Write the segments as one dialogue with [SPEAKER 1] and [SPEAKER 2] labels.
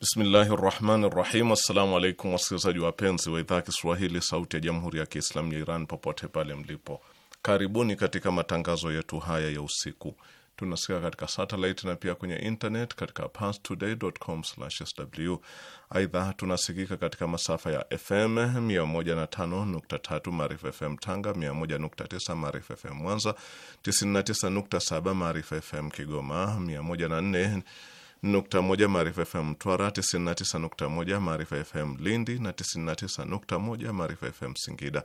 [SPEAKER 1] Bismillahi rahmani rahim. Assalamu alaikum wasikilizaji wapenzi wa idhaa ya Kiswahili sauti ya jamhuri ya Kiislamu ya Iran popote pale mlipo, karibuni katika matangazo yetu haya ya usiku. Tunasikia katika satellite na pia kwenye internet katika parstoday.com/sw. Aidha, tunasikika katika masafa ya FM 105.3 Maarifa FM Tanga, 101.9 Maarifa FM Mwanza, 99.7 Maarifa FM Kigoma, 104 99.1 Maarifa FM Mtwara, 99.1 Maarifa FM Lindi na 99.1 Maarifa FM Singida.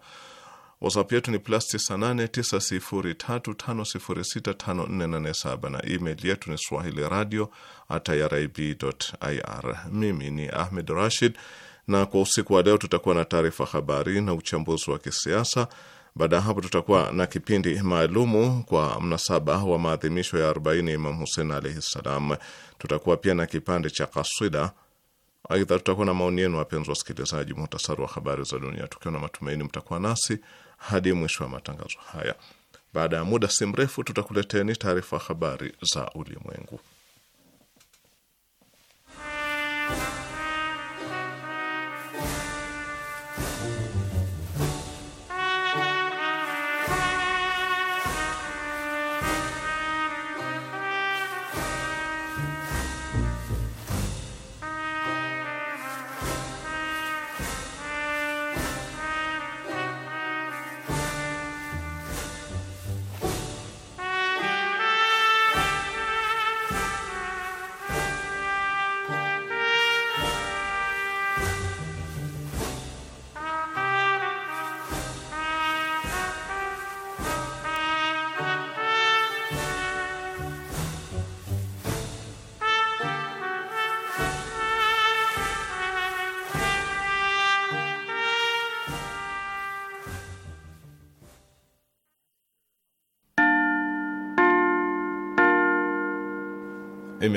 [SPEAKER 1] WhatsApp yetu ni plus 989035065487 na email yetu ni swahili radio at irib.ir. Mimi ni Ahmed Rashid, na kwa usiku wa leo tutakuwa na taarifa habari na uchambuzi wa kisiasa baada ya hapo tutakuwa na kipindi maalumu kwa mnasaba wa maadhimisho ya 40 Imam Husein alaihi ssalam. Tutakuwa pia na kipande cha kaswida. Aidha, tutakuwa na maoni yenu, wapenzi wasikilizaji, muhtasari wa habari za dunia, tukiwa na matumaini mtakuwa nasi hadi mwisho wa matangazo haya. Baada ya muda si mrefu, tutakuleteni taarifa habari za ulimwengu.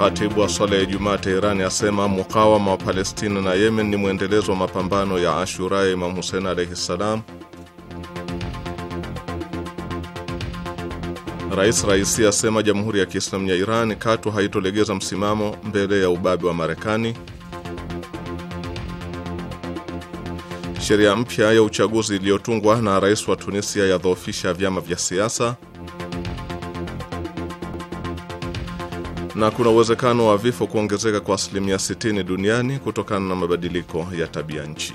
[SPEAKER 1] Khatibu wa swala ya Ijumaa Teherani asema mukawama wa Palestina na Yemen ni mwendelezo wa mapambano ya Ashura ya Imam Husein alaihi ssalam. Rais Raisi asema Jamhuri ya Kiislamu ya Iran katu haitolegeza msimamo mbele ya ubabe wa Marekani. Sheria mpya ya uchaguzi iliyotungwa na rais wa Tunisia yadhoofisha vyama vya siasa. na kuna uwezekano wa vifo kuongezeka kwa asilimia 60 duniani kutokana na mabadiliko ya tabia nchi.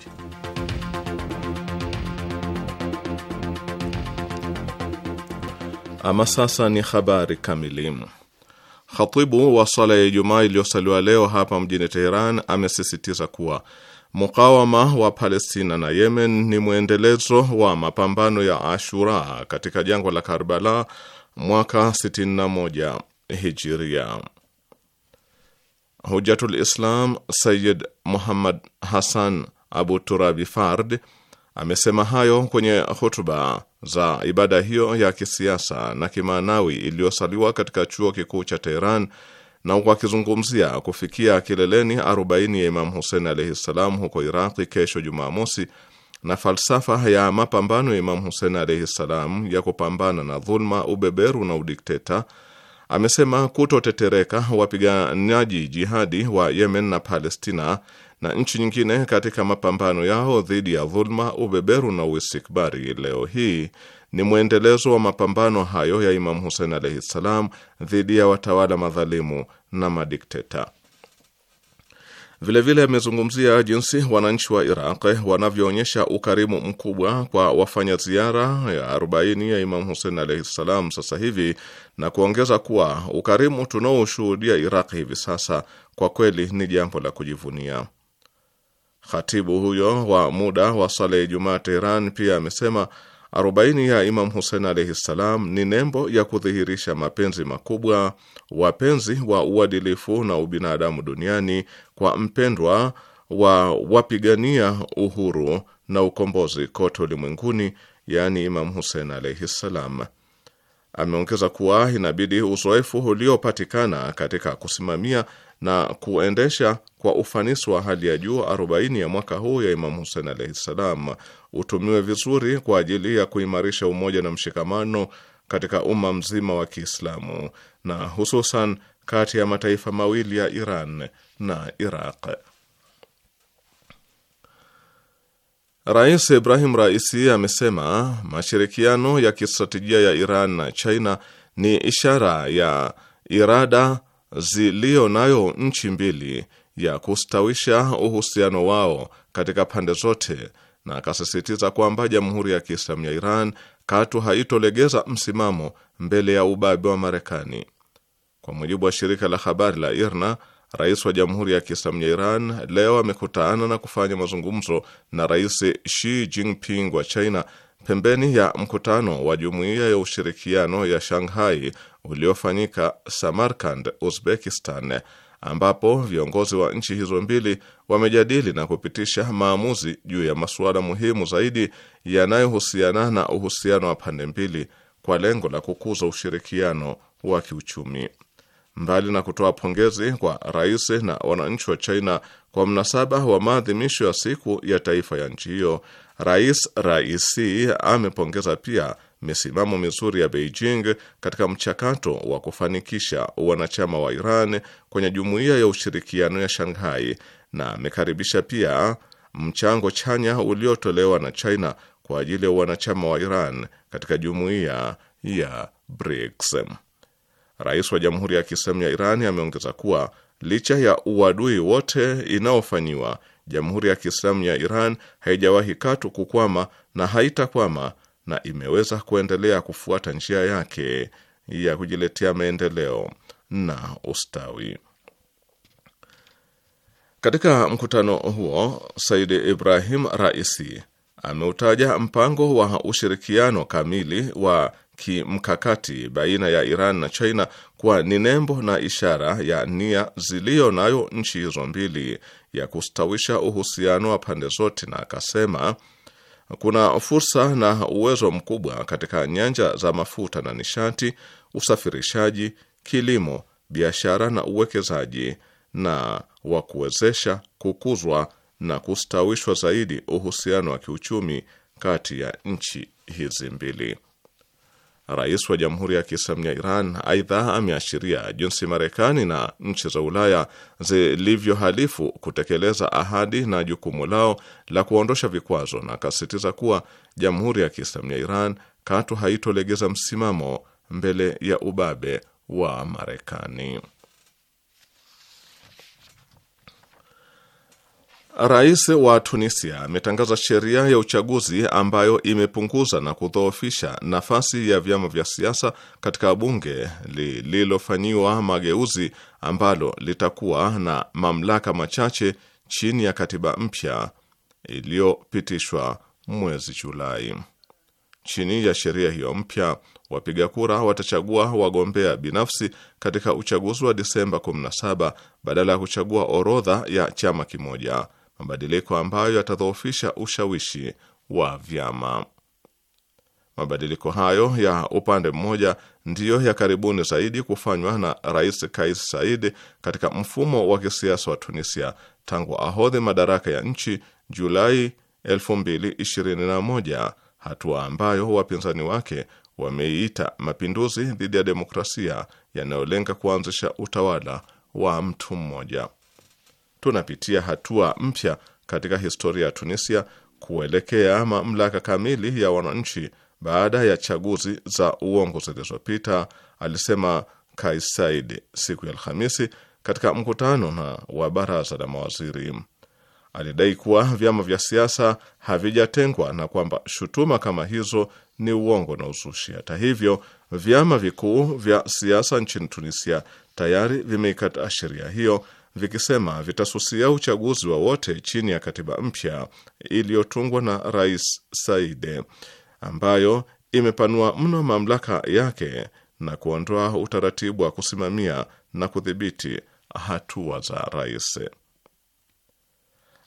[SPEAKER 1] Ama sasa ni habari kamili. Khatibu wa swala ya Ijumaa iliyosaliwa leo hapa mjini Teheran amesisitiza kuwa mukawama wa Palestina na Yemen ni mwendelezo wa mapambano ya Ashura katika jangwa la Karbala mwaka 61 hijiria. Hujatul Islam Sayyid Muhammad Hassan Abu Turabi Fard amesema hayo kwenye hutuba za ibada hiyo ya kisiasa na kimaanawi iliyosaliwa katika chuo kikuu cha Teheran na akizungumzia kufikia kileleni 40 ya Imam Husein alaihi ssalam huko Iraqi kesho Jumamosi na falsafa ya mapambano ya Imam Husein alaihi ssalam ya kupambana na dhulma, ubeberu na udikteta amesema kutotetereka wapiganaji jihadi wa Yemen na Palestina na nchi nyingine katika mapambano yao dhidi ya dhuluma, ubeberu na uistikbari leo hii ni mwendelezo wa mapambano hayo ya Imamu Husein alaihi ssalam dhidi ya watawala madhalimu na madikteta. Vilevile amezungumzia jinsi wananchi wa Iraq wanavyoonyesha ukarimu mkubwa kwa wafanya ziara ya 40 ya Imam Hussein alaihi ssalam sasa hivi na kuongeza kuwa ukarimu tunaoshuhudia Iraq hivi sasa kwa kweli ni jambo la kujivunia. Khatibu huyo wa muda wa sala ya Ijumaa Teheran pia amesema arobaini ya Imam Husein alaihi ssalam ni nembo ya kudhihirisha mapenzi makubwa, wapenzi wa uadilifu na ubinadamu duniani kwa mpendwa wa wapigania uhuru na ukombozi kote ulimwenguni, yaani Imam Husein alaihi ssalam. Ameongeza kuwa inabidi uzoefu uliopatikana katika kusimamia na kuendesha kwa ufanisi wa hali ya juu 40 ya mwaka huu ya Imamu Husein alaihi ssalam utumiwe vizuri kwa ajili ya kuimarisha umoja na mshikamano katika umma mzima wa Kiislamu na hususan kati ya mataifa mawili ya Iran na Iraq. Rais Ibrahim Raisi amesema mashirikiano ya kistratejia ya Iran na China ni ishara ya irada ziliyo nayo nchi mbili ya kustawisha uhusiano wao katika pande zote, na akasisitiza kwamba Jamhuri ya Kiislamu ya Iran katu haitolegeza msimamo mbele ya ubabe wa Marekani. Kwa mujibu wa shirika la habari la IRNA, rais wa Jamhuri ya Kiislamu ya Iran leo amekutana na kufanya mazungumzo na Rais Xi Jinping wa China pembeni ya mkutano wa Jumuiya ya Ushirikiano ya Shanghai uliofanyika Samarkand, Uzbekistan, ambapo viongozi wa nchi hizo mbili wamejadili na kupitisha maamuzi juu ya masuala muhimu zaidi yanayohusiana na uhusiano wa pande mbili kwa lengo la kukuza ushirikiano wa kiuchumi. Mbali na kutoa pongezi kwa rais na wananchi wa China kwa mnasaba wa maadhimisho ya siku ya taifa ya nchi hiyo, Rais Raisi amepongeza pia misimamo mizuri ya Beijing katika mchakato wa kufanikisha wanachama wa Iran kwenye jumuiya ya ushirikiano ya Shanghai na amekaribisha pia mchango chanya uliotolewa na China kwa ajili ya wanachama wa Iran katika jumuiya ya BRICS. Rais wa Jamhuri ya Kiislamu ya Iran ameongeza kuwa licha ya uadui wote inaofanyiwa Jamhuri ya Kiislamu ya Iran haijawahi katu kukwama na haitakwama na imeweza kuendelea kufuata njia yake ya kujiletea maendeleo na ustawi. Katika mkutano huo, Said Ibrahim Raisi ameutaja mpango wa ushirikiano kamili wa kimkakati baina ya Iran na China kuwa ni nembo na ishara ya nia ziliyo nayo nchi hizo mbili ya kustawisha uhusiano wa pande zote, na akasema kuna fursa na uwezo mkubwa katika nyanja za mafuta na nishati, usafirishaji, kilimo, biashara na uwekezaji, na wa kuwezesha kukuzwa na kustawishwa zaidi uhusiano wa kiuchumi kati ya nchi hizi mbili. Rais wa Jamhuri ya Kiislamu ya Iran aidha ameashiria jinsi Marekani na nchi za Ulaya zilivyohalifu kutekeleza ahadi na jukumu lao la kuondosha vikwazo, na akasisitiza kuwa Jamhuri ya Kiislamu ya Iran katu haitolegeza msimamo mbele ya ubabe wa Marekani. Rais wa Tunisia ametangaza sheria ya uchaguzi ambayo imepunguza na kudhoofisha nafasi ya vyama vya siasa katika bunge lililofanyiwa mageuzi ambalo litakuwa na mamlaka machache chini ya katiba mpya iliyopitishwa mwezi Julai. Chini ya sheria hiyo mpya, wapiga kura watachagua wagombea binafsi katika uchaguzi wa Disemba 17 badala ya kuchagua orodha ya chama kimoja mabadiliko ambayo yatadhoofisha ushawishi wa vyama. Mabadiliko hayo ya upande mmoja ndiyo ya karibuni zaidi kufanywa na Rais Kais Said katika mfumo wa kisiasa wa Tunisia tangu ahodhi madaraka ya nchi Julai 2021, hatua ambayo wapinzani wake wameiita mapinduzi dhidi ya demokrasia yanayolenga kuanzisha utawala wa mtu mmoja tunapitia hatua mpya katika historia ya Tunisia kuelekea mamlaka kamili ya wananchi baada ya chaguzi za uongo zilizopita, alisema Kais Saied siku ya Alhamisi katika mkutano na wa baraza la mawaziri. Alidai kuwa vyama vya siasa havijatengwa na kwamba shutuma kama hizo ni uongo na uzushi. Hata hivyo, vyama vikuu vya siasa nchini Tunisia tayari vimeikataa sheria hiyo vikisema vitasusia uchaguzi wowote chini ya katiba mpya iliyotungwa na Rais Saide ambayo imepanua mno mamlaka yake na kuondoa utaratibu wa kusimamia na kudhibiti hatua za rais.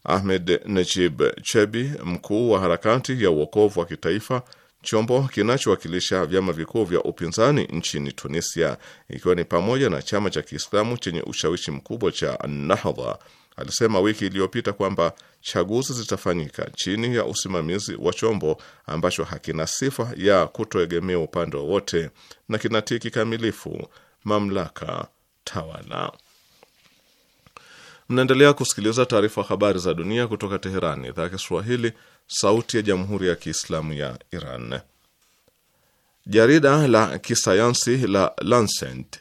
[SPEAKER 1] Ahmed Najib Chebi, mkuu wa harakati ya uokovu wa kitaifa chombo kinachowakilisha vyama vikuu vya upinzani nchini Tunisia, ikiwa ni pamoja na chama cha Kiislamu chenye ushawishi mkubwa cha Nahdha, alisema wiki iliyopita kwamba chaguzi zitafanyika chini ya usimamizi wa chombo ambacho hakina sifa ya kutoegemea upande wowote na kinatii kikamilifu mamlaka tawala. Mnaendelea kusikiliza taarifa habari za dunia kutoka Teheran, idhaa ya Kiswahili, sauti ya jamhuri ya kiislamu ya Iran. Jarida la kisayansi la Lancet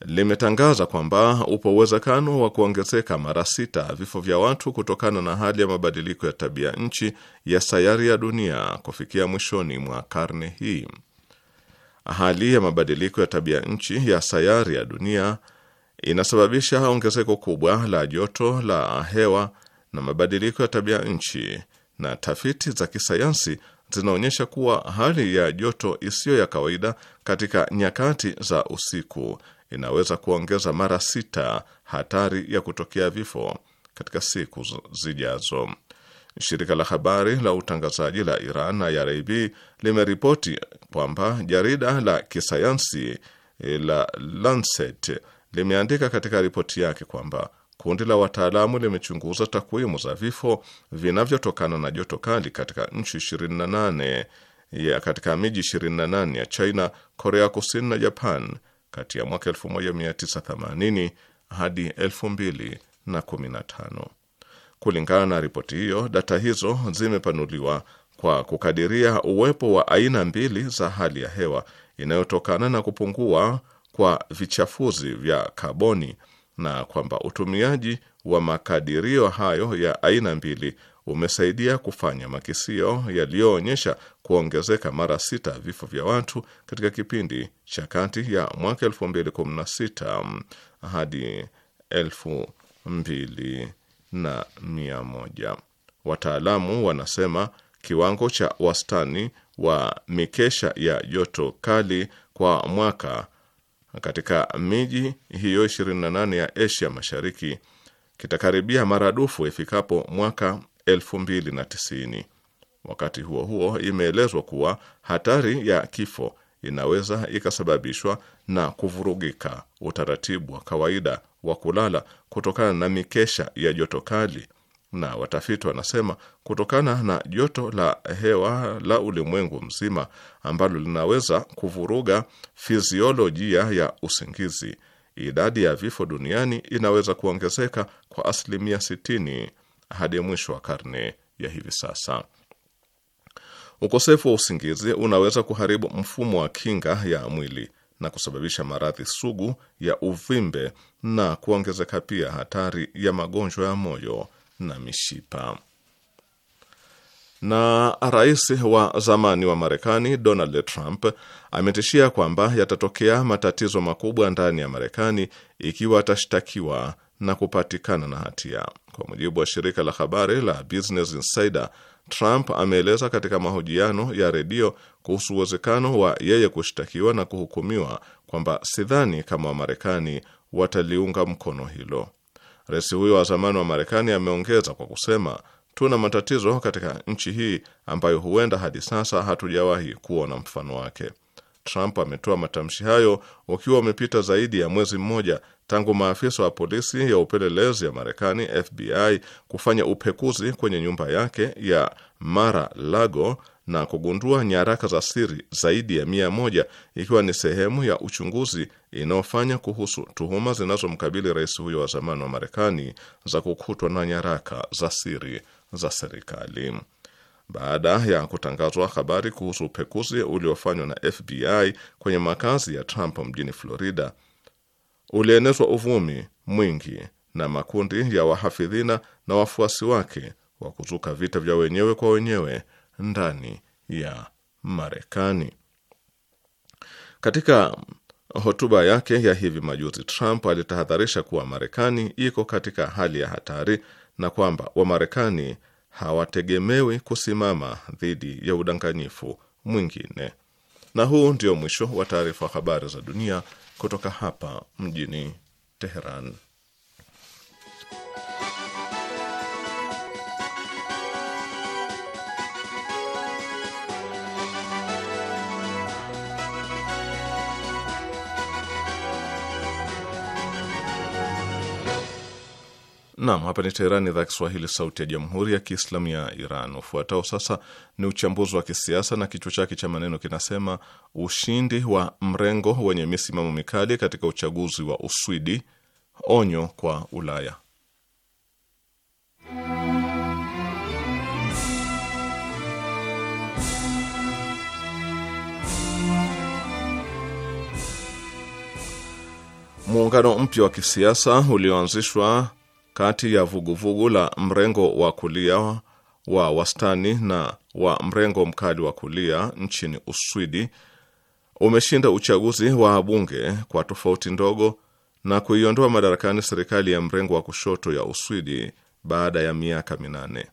[SPEAKER 1] limetangaza kwamba upo uwezekano wa kuongezeka mara sita vifo vya watu kutokana na hali ya mabadiliko ya tabia nchi ya sayari ya dunia kufikia mwishoni mwa karne hii. Hali ya mabadiliko ya tabia nchi ya sayari ya dunia inasababisha ongezeko kubwa la joto la hewa na mabadiliko ya tabia nchi, na tafiti za kisayansi zinaonyesha kuwa hali ya joto isiyo ya kawaida katika nyakati za usiku inaweza kuongeza mara sita hatari ya kutokea vifo katika siku zijazo. Shirika la habari la utangazaji la Iran na IRIB limeripoti kwamba jarida la kisayansi eh, la Lancet limeandika katika ripoti yake kwamba kundi la wataalamu limechunguza takwimu za vifo vinavyotokana na joto kali katika nchi 28 ya katika miji 28 ya China, Korea Kusini na Japan kati ya mwaka 1980 hadi 2015. Kulingana na ripoti hiyo, data hizo zimepanuliwa kwa kukadiria uwepo wa aina mbili za hali ya hewa inayotokana na kupungua kwa vichafuzi vya kaboni na kwamba utumiaji wa makadirio hayo ya aina mbili umesaidia kufanya makisio yaliyoonyesha kuongezeka mara sita vifo vya watu katika kipindi cha kati ya mwaka 2016 hadi 2100. Wataalamu wanasema kiwango cha wastani wa mikesha ya joto kali kwa mwaka katika miji hiyo 28 ya Asia Mashariki kitakaribia maradufu ifikapo mwaka 2090. Wakati huo huo, imeelezwa kuwa hatari ya kifo inaweza ikasababishwa na kuvurugika utaratibu wa kawaida wa kulala kutokana na mikesha ya joto kali na watafiti wanasema kutokana na joto la hewa la ulimwengu mzima ambalo linaweza kuvuruga fiziolojia ya usingizi, idadi ya vifo duniani inaweza kuongezeka kwa asilimia 60 hadi mwisho wa karne ya hivi sasa. Ukosefu wa usingizi unaweza kuharibu mfumo wa kinga ya mwili na kusababisha maradhi sugu ya uvimbe na kuongezeka pia hatari ya magonjwa ya moyo na mishipa. Na rais wa zamani wa Marekani Donald Trump ametishia kwamba yatatokea matatizo makubwa ndani ya Marekani ikiwa atashtakiwa na kupatikana na hatia. Kwa mujibu wa shirika la habari la Business Insider, Trump ameeleza katika mahojiano ya redio kuhusu uwezekano wa yeye kushtakiwa na kuhukumiwa kwamba sidhani kama Wamarekani wataliunga mkono hilo. Rais huyo wa zamani wa Marekani ameongeza kwa kusema, tuna matatizo katika nchi hii ambayo huenda hadi sasa hatujawahi kuona mfano wake. Trump ametoa matamshi hayo ukiwa umepita zaidi ya mwezi mmoja tangu maafisa wa polisi ya upelelezi ya Marekani FBI kufanya upekuzi kwenye nyumba yake ya Mar-a-Lago na kugundua nyaraka za siri zaidi ya mia moja ikiwa ni sehemu ya uchunguzi inayofanya kuhusu tuhuma zinazomkabili rais huyo wa zamani wa Marekani za kukutwa na nyaraka za siri za serikali. Baada ya kutangazwa habari kuhusu upekuzi uliofanywa na FBI kwenye makazi ya Trump mjini Florida, ulienezwa uvumi mwingi na makundi ya wahafidhina na wafuasi wake wa kuzuka vita vya wenyewe kwa wenyewe ndani ya Marekani. Katika hotuba yake ya hivi majuzi, Trump alitahadharisha kuwa Marekani iko katika hali ya hatari na kwamba Wamarekani hawategemewi kusimama dhidi ya udanganyifu mwingine. Na huu ndio mwisho wa taarifa habari za dunia kutoka hapa mjini Teheran. Naam, hapa ni Teherani, idhaa Kiswahili, sauti ya jamhuri ya kiislamu ya Iran. Ufuatao sasa ni uchambuzi wa kisiasa na kichwa chake cha maneno kinasema: ushindi wa mrengo wenye misimamo mikali katika uchaguzi wa Uswidi, onyo kwa Ulaya. Muungano mpya wa kisiasa ulioanzishwa kati ya vuguvugu la mrengo wa kulia wa wastani na wa mrengo mkali wa kulia nchini Uswidi umeshinda uchaguzi wa bunge kwa tofauti ndogo na kuiondoa madarakani serikali ya mrengo wa kushoto ya Uswidi baada ya miaka minane.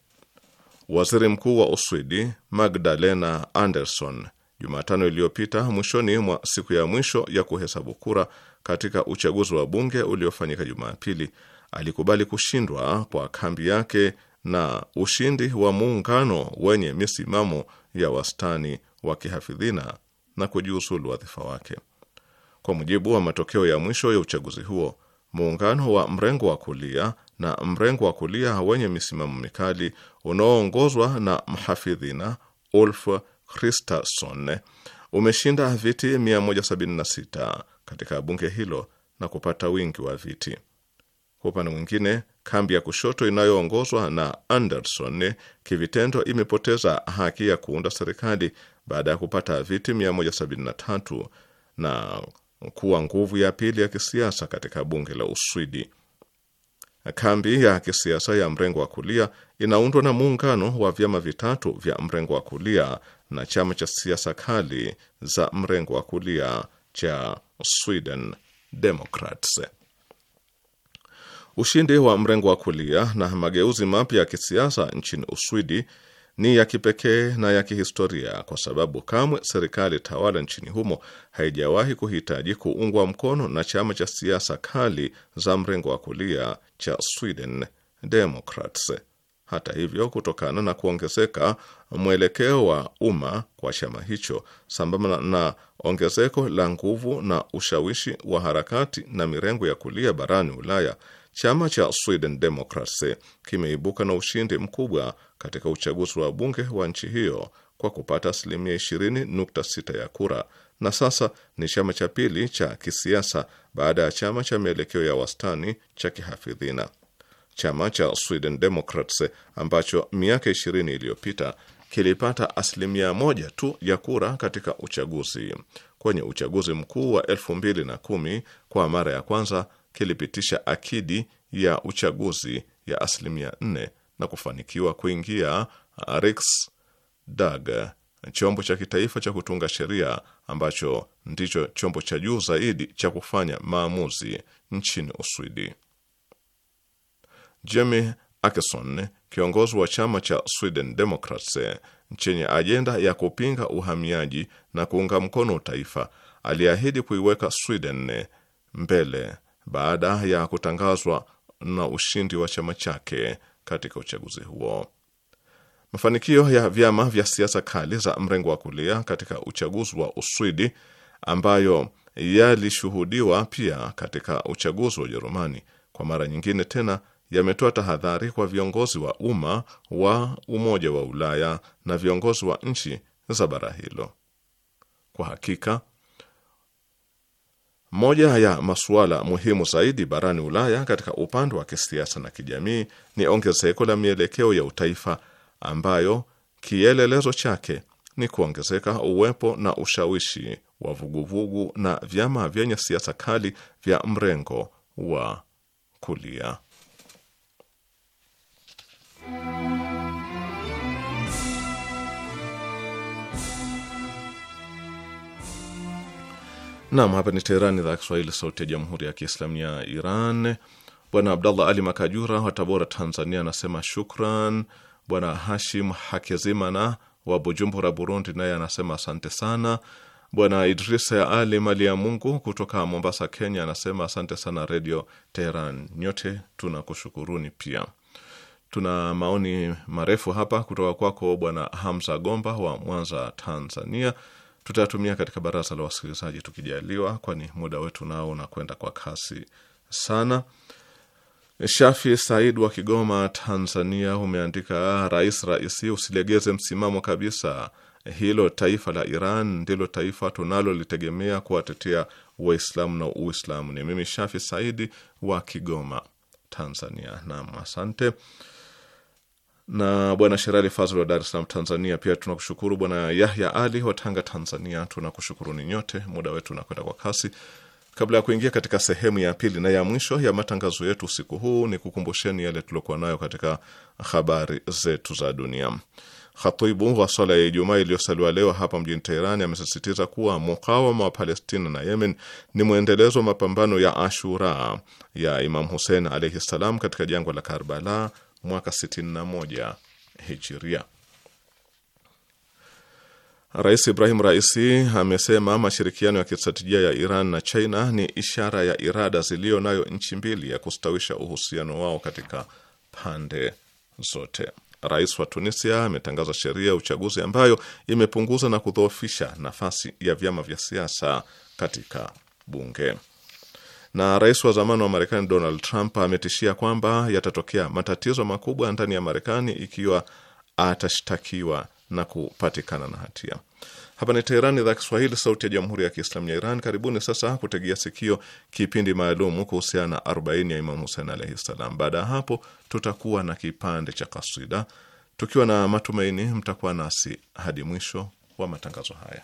[SPEAKER 1] Waziri Mkuu wa Uswidi Magdalena Andersson Jumatano iliyopita mwishoni mwa siku ya mwisho ya kuhesabu kura katika uchaguzi wa bunge uliofanyika Jumapili alikubali kushindwa kwa kambi yake na ushindi wa muungano wenye misimamo ya wastani wa kihafidhina na kujiuzulu wadhifa wake. Kwa mujibu wa matokeo ya mwisho ya uchaguzi huo, muungano wa mrengo wa kulia na mrengo wa kulia wenye misimamo mikali unaoongozwa na mhafidhina Ulf Kristersson umeshinda viti 176 katika bunge hilo na kupata wingi wa viti. Kwa upande mwingine, kambi ya kushoto inayoongozwa na Anderson kivitendo imepoteza haki ya kuunda serikali baada ya kupata viti 173 na kuwa nguvu ya pili ya kisiasa katika bunge la Uswidi. Kambi ya kisiasa ya mrengo wa kulia inaundwa na muungano wa vyama vitatu vya mrengo wa kulia na chama cha siasa kali za mrengo wa kulia cha Sweden Democrats. Ushindi wa mrengo wa kulia na mageuzi mapya ya kisiasa nchini Uswidi ni ya kipekee na ya kihistoria kwa sababu kamwe serikali tawala nchini humo haijawahi kuhitaji kuungwa mkono na chama cha siasa kali za mrengo wa kulia cha Sweden Democrats. Hata hivyo, kutokana na kuongezeka mwelekeo wa umma kwa chama hicho sambamba na ongezeko la nguvu na ushawishi wa harakati na mirengo ya kulia barani Ulaya, Chama cha Sweden Democracy kimeibuka na ushindi mkubwa katika uchaguzi wa bunge wa nchi hiyo kwa kupata asilimia 20.6 ya kura na sasa ni chama cha pili cha kisiasa baada ya chama cha mielekeo ya wastani cha kihafidhina. Chama cha Sweden Democrats ambacho miaka 20 iliyopita kilipata asilimia moja tu ya kura katika uchaguzi kwenye uchaguzi mkuu wa 2010 kwa mara ya kwanza kilipitisha akidi ya uchaguzi ya asilimia 4 na kufanikiwa kuingia Riksdag, chombo cha kitaifa cha kutunga sheria ambacho ndicho chombo cha juu zaidi cha kufanya maamuzi nchini Uswidi. Jamie Akeson, kiongozi wa chama cha Sweden Democrats chenye ajenda ya kupinga uhamiaji na kuunga mkono taifa aliahidi kuiweka Sweden mbele baada ya kutangazwa na ushindi wa chama chake katika uchaguzi huo. Mafanikio ya vyama vya siasa kali za mrengo wa kulia katika uchaguzi wa Uswidi, ambayo yalishuhudiwa pia katika uchaguzi wa Ujerumani, kwa mara nyingine tena yametoa tahadhari kwa viongozi wa umma wa Umoja wa Ulaya na viongozi wa nchi za bara hilo. Kwa hakika moja ya masuala muhimu zaidi barani Ulaya katika upande wa kisiasa na kijamii ni ongezeko la mielekeo ya utaifa ambayo kielelezo chake ni kuongezeka uwepo na ushawishi wa vuguvugu na vyama vyenye siasa kali vya mrengo wa kulia. Nam, hapa ni Teherani, idhaa ya Kiswahili, sauti ya jamhuri ya kiislamu ya Iran. Bwana Abdallah Ali Makajura wa Tabora, Tanzania, anasema shukran. Bwana Hashim Hakezimana wa Bujumbura, Burundi, naye anasema asante sana. Bwana Idrisa Ali Mali ya Mungu kutoka Mombasa, Kenya, anasema asante sana Redio Teheran. Nyote tunakushukuruni. Pia tuna maoni marefu hapa kutoka kwako Bwana Hamza Gomba wa Mwanza, Tanzania tutayatumia katika baraza la wasikilizaji tukijaliwa, kwani muda wetu nao unakwenda kwa kasi sana. Shafi Said wa Kigoma, Tanzania, umeandika rais Raisi, usilegeze msimamo kabisa. Hilo taifa la Iran ndilo taifa tunalolitegemea kuwatetea Waislamu na Uislamu. Ni mimi Shafi Saidi wa Kigoma, Tanzania. Naam, asante na bwana Sherali Fazl wa Dar es Salaam, Tanzania. Pia tunakushukuru bwana Yahya Ali wa Tanga, Tanzania. ni nyote, muda wetu unakwenda kwa kasi. Kabla ya kuingia katika sehemu ya pili na ya mwisho ya matangazo yetu usiku huu, ni kukumbusheni yale tuliokuwa nayo katika habari zetu za dunia. Khatibu wa swala ya Ijumaa iliyosaliwa leo hapa mjini Teherani amesisitiza kuwa mukawama wa Palestina na Yemen ni mwendelezo wa mapambano ya Ashura ya Imam Hussein alaihi ssalam katika jangwa la Karbala mwaka 61 hijiria. Rais Ibrahim Raisi amesema mashirikiano ya kistratejia ya Iran na China ni ishara ya irada ziliyo nayo nchi mbili ya kustawisha uhusiano wao katika pande zote. Rais wa Tunisia ametangaza sheria ya uchaguzi ambayo imepunguza na kudhoofisha nafasi ya vyama vya siasa katika bunge. Na rais wa zamani wa Marekani Donald Trump ametishia kwamba yatatokea matatizo makubwa ndani ya Marekani ikiwa atashtakiwa na kupatikana na hatia. Hapa ni Teherani, idhaa Kiswahili, sauti ya jamhuri ya kiislamu ya Iran. Karibuni sasa kutegea sikio kipindi maalum kuhusiana na 40 ya Imam Husein alaihi ssalam. Baada ya hapo, tutakuwa na kipande cha kasida, tukiwa na matumaini mtakuwa nasi hadi mwisho wa matangazo haya.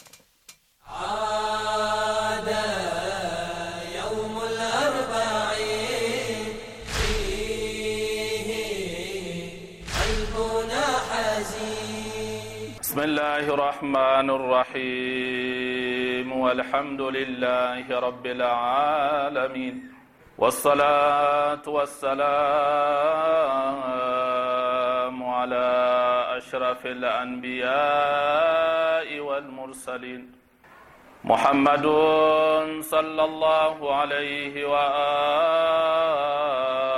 [SPEAKER 2] بسم الله الرحمن الرحيم والحمد لله رب العالمين والصلاة والسلام على أشرف الأنبياء والمرسلين محمد صلى الله عليه وآله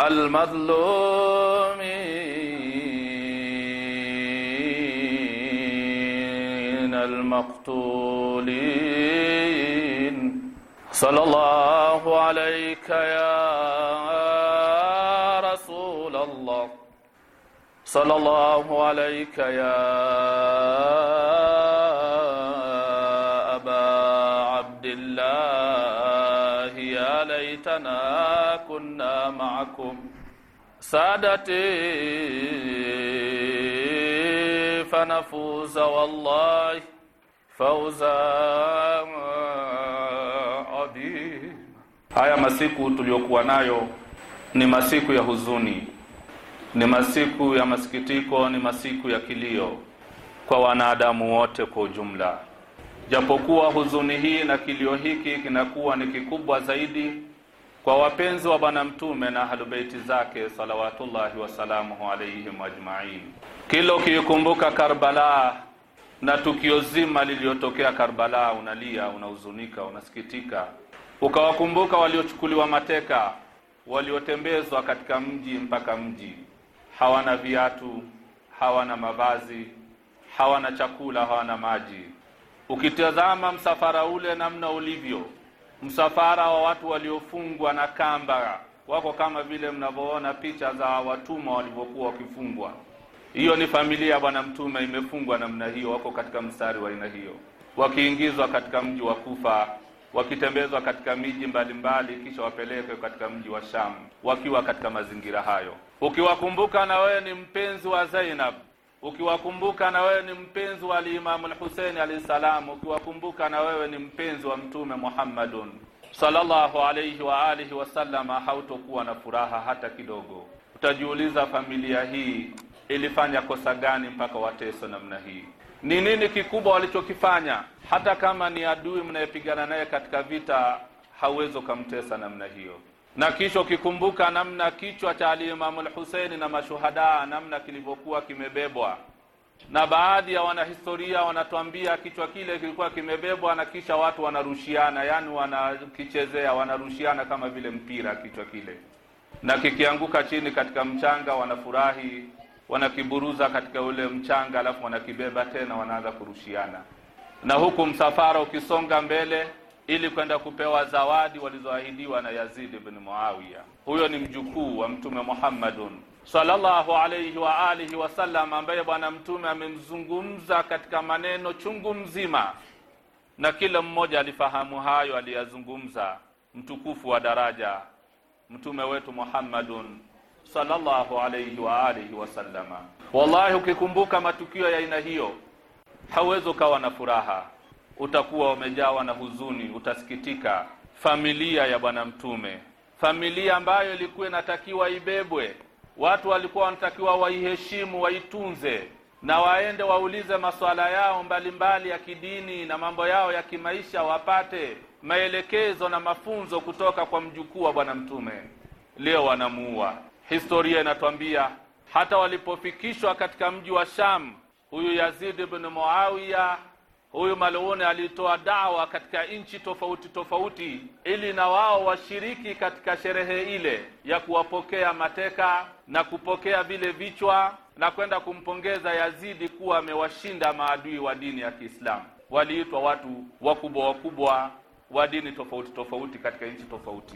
[SPEAKER 2] المظلومين المقتولين
[SPEAKER 3] صلى الله
[SPEAKER 2] عليك يا رسول الله صلى الله عليك يا معكم سادتي فنفوز والله فوزا
[SPEAKER 4] Haya masiku tuliyokuwa nayo ni masiku ya huzuni, ni masiku ya masikitiko, ni masiku ya kilio kwa wanadamu wote kwa ujumla, japokuwa huzuni hii na kilio hiki kinakuwa ni kikubwa zaidi kwa wapenzi wa Bwana Mtume na ahlubeiti zake salawatullahi wasalamuhu alaihim ajmain. Kila ukiikumbuka Karbala na tukio zima liliyotokea Karbala, unalia, unahuzunika, unasikitika, ukawakumbuka waliochukuliwa mateka, waliotembezwa katika mji mpaka mji, hawana viatu, hawana mavazi, hawana chakula, hawana maji. Ukitazama msafara ule namna ulivyo msafara wa watu waliofungwa na kamba, wako kama vile mnavyoona picha za watumwa walivyokuwa wakifungwa. Hiyo ni familia ya Bwana Mtume imefungwa namna hiyo, wako katika mstari wa aina hiyo, wakiingizwa katika mji wa Kufa, wakitembezwa katika miji mbalimbali, kisha wapelekwe katika mji wa Shamu, wakiwa katika mazingira hayo. Ukiwakumbuka na wewe ni mpenzi wa Zainab ukiwakumbuka na wewe ni mpenzi wa alimamu lhuseini hussein alayhi salam, ukiwakumbuka na wewe ni mpenzi wa Mtume Muhammadun sallallahu alaihi wa alihi wasallam, hautokuwa na furaha hata kidogo. Utajiuliza, familia hii ilifanya kosa gani mpaka wateso namna hii? Ni nini kikubwa walichokifanya? Hata kama ni adui mnayepigana naye katika vita, hauwezi ukamtesa namna hiyo na kisha ukikumbuka namna kichwa cha alimamu Lhuseini na mashuhada namna kilivyokuwa kimebebwa na baadhi ya wanahistoria wanatuambia kichwa kile kilikuwa kimebebwa na kisha watu wanarushiana, yani wanakichezea, wanarushiana kama vile mpira kichwa kile, na kikianguka chini katika mchanga wanafurahi, wanakiburuza katika ule mchanga, alafu wanakibeba tena, wanaanza kurushiana, na huku msafara ukisonga mbele ili kwenda kupewa zawadi walizoahidiwa na Yazid ibn Muawiya. Huyo ni mjukuu wa Mtume Muhammadun sallallahu alayhi wa alihi wasallam, ambaye Bwana Mtume amemzungumza katika maneno chungu mzima, na kila mmoja alifahamu hayo aliyazungumza. Mtukufu wa daraja Mtume wetu Muhammadun sallallahu alayhi wa alihi wasallama. Wallahi, ukikumbuka matukio ya aina hiyo hauwezi ukawa na furaha utakuwa umejawa na huzuni, utasikitika. Familia ya Bwana Mtume, familia ambayo ilikuwa inatakiwa ibebwe, watu walikuwa wanatakiwa waiheshimu, waitunze na waende waulize masuala yao mbalimbali ya kidini na mambo yao ya kimaisha, wapate maelekezo na mafunzo kutoka kwa mjukuu wa Bwana Mtume. Leo wanamuua. Historia inatwambia hata walipofikishwa katika mji wa Sham, huyu Yazid ibn Muawiya Huyu maluuni alitoa dawa katika nchi tofauti tofauti, ili na wao washiriki katika sherehe ile ya kuwapokea mateka na kupokea vile vichwa na kwenda kumpongeza Yazidi kuwa amewashinda maadui wa dini ya Kiislamu. Waliitwa watu wakubwa wakubwa wa dini tofauti tofauti katika nchi tofauti.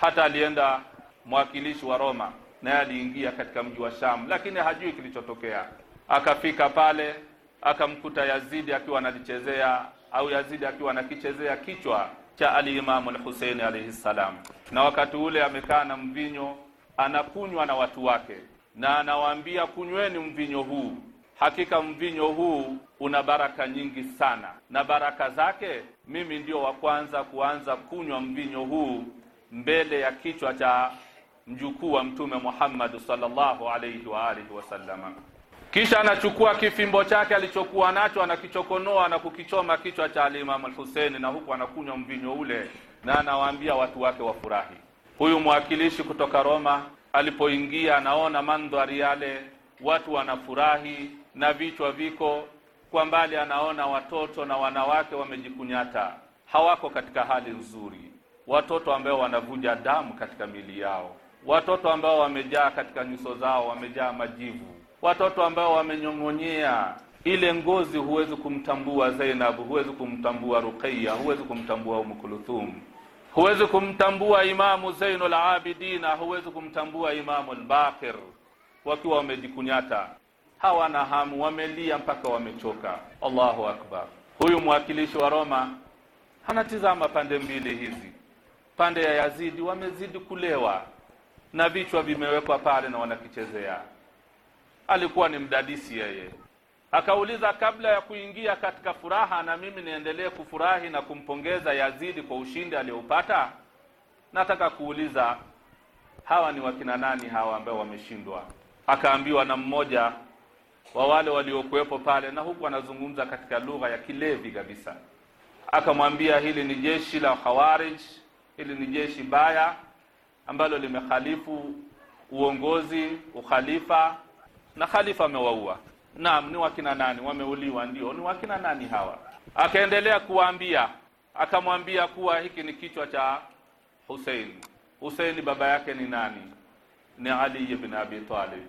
[SPEAKER 4] Hata alienda mwakilishi wa Roma, naye aliingia katika mji wa Shamu, lakini hajui kilichotokea. Akafika pale akamkuta Yazidi akiwa analichezea au Yazidi akiwa anakichezea kichwa cha alimamu lhuseini alaihi ssalam, na wakati ule amekaa na mvinyo anakunywa na watu wake, na anawaambia kunyweni mvinyo huu, hakika mvinyo huu una baraka nyingi sana, na baraka zake mimi ndio wa kwanza kuanza kunywa mvinyo huu mbele ya kichwa cha mjukuu wa Mtume Muhammad sallallahu alaihi wa alihi wasallama. Kisha anachukua kifimbo chake alichokuwa nacho anakichokonoa na kukichoma kichwa cha Alimamu Alhuseini, na huku anakunywa mvinyo ule, na anawaambia watu wake wafurahi. Huyu mwakilishi kutoka Roma alipoingia, anaona mandhari yale, watu wanafurahi na vichwa viko kwa mbali, anaona watoto na wanawake wamejikunyata, hawako katika hali nzuri, watoto ambao wanavuja damu katika mili yao, watoto ambao wamejaa katika nyuso zao, wamejaa majivu watoto ambao wamenyong'onyea ile ngozi, huwezi kumtambua Zainab, huwezi kumtambua Ruqayya, huwezi kumtambua Umm Kulthum, huwezi kumtambua Imamu Zainul Abidin, huwezi kumtambua Imamu lbakir wakiwa wamejikunyata, hawana hamu, wamelia mpaka wamechoka. Allahu akbar! Huyu mwakilishi wa Roma anatizama pande mbili hizi, pande ya Yazidi wamezidi kulewa na vichwa vimewekwa pale na wanakichezea alikuwa ni mdadisi yeye. Akauliza, kabla ya kuingia katika furaha, na mimi niendelee kufurahi na kumpongeza Yazidi kwa ushindi aliyoupata, nataka kuuliza hawa ni wakina nani hawa ambao wameshindwa? Akaambiwa na mmoja wa wale waliokuwepo pale, na huku anazungumza katika lugha ya kilevi kabisa. Akamwambia, hili ni jeshi la Khawarij, hili ni jeshi baya ambalo limekhalifu uongozi, ukhalifa na khalifa amewaua. Naam, ni wakina nani wameuliwa? Ndio, ni wakina nani hawa? Akaendelea kuwaambia, akamwambia kuwa hiki ni kichwa cha Husein. huseini baba yake ni nani? Ni Ali ibn Abi Talib.